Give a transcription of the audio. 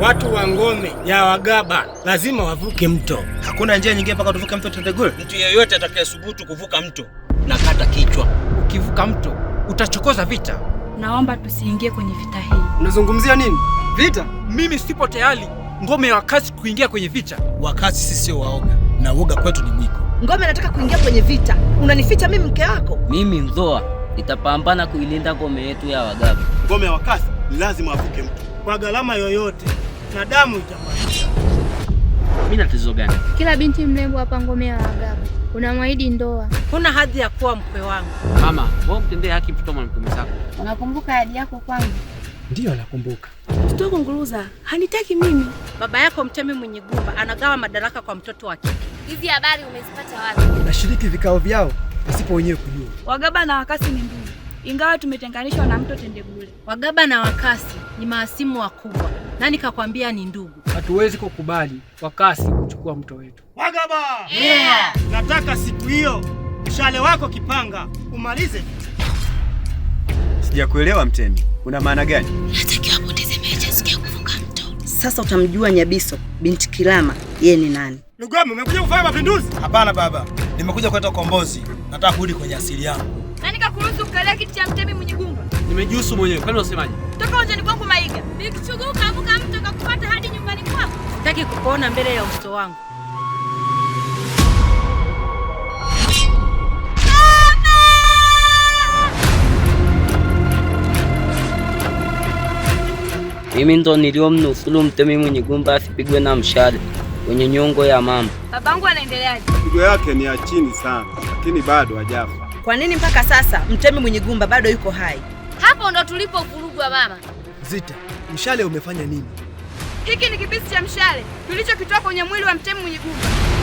Watu wa ngome ya Wagaba lazima wavuke mto. Hakuna njia nyingine mpaka tuvuke mto Tendegule. Mtu yeyote atakayesubutu kuvuka mto na kata kichwa. Ukivuka mto utachokoza vita. Naomba tusiingie kwenye vita hii. Unazungumzia nini? Vita? Mimi sipo tayari ngome ya Wakasi kuingia kwenye vita. Wakasi sisi sio waoga, na uoga kwetu ni mwiko. Ngome nataka kuingia kwenye vita, unanificha mimi mke wako? Mimi Mdhoa nitapambana kuilinda ngome yetu ya Wagaba. Ngome ya Wakasi lazima wavuke mto kwa gharama yoyote na damu itapanda. Mimi na tatizo gani? Kila binti mrembo hapa ngome ya Wagaga unamwahidi ndoa, huna hadhi ya kuwa mkwe wangu. Mama, wewe mtendee haki mtoto wa mtume Unakumbuka ahadi yako kwangu? Ndiyo, nakumbuka. Mtoto wangu Nguruza hanitaki mimi. Baba yako Mtemi mwenye gumba anagawa madaraka kwa mtoto wa kike. Hizi habari umezipata wapi? Nashiriki vikao vyao pasipo wenyewe kujua. Wagaba na Wakasi ni ndugu, ingawa tumetenganishwa na mto Tendegule. Wagaba na Wakasi ni maasimu wakubwa na nikakwambia ni ndugu? Hatuwezi kukubali kwa kasi kuchukua mto wetu. Wagaba! Yeah! Nataka siku hiyo mshale wako kipanga umalize. Sijakuelewa Mtemi, una maana gani? Natakiwa apoteze mechi ya kuvuka mto. Sasa utamjua Nyabiso binti Kilama yeye ni nani? Lugame, umekuja kufanya mapinduzi? Hapana baba, nimekuja kuleta ukombozi. Nataka kurudi kwenye asili yangu. Nani kakuruhusu kukalia kiti cha Mtemi mwenye gumba? Nimejihusu mwenyewe, kwani unasemaje? Toka nje ni kukuja. Nikichuguka avuka mtu akakupata hadi nyumbani kwako. Sitaki kukuona mbele ya mtoto wangu. Mimi ndo niliyomnusuru mtemi mwenye gumba asipigwe na mshale kwenye nyongo ya mama. Babangu anaendeleaje? Pigo yake ni ya chini sana, lakini bado hajafa. Kwa nini mpaka sasa mtemi mwenye gumba bado yuko hai? Hapo ndo tulipo vurugwa mama. Zita, mshale umefanya nini? Hiki ni kipisi cha mshale tulichokitoa kwenye mwili wa mtemi mwenye gumba.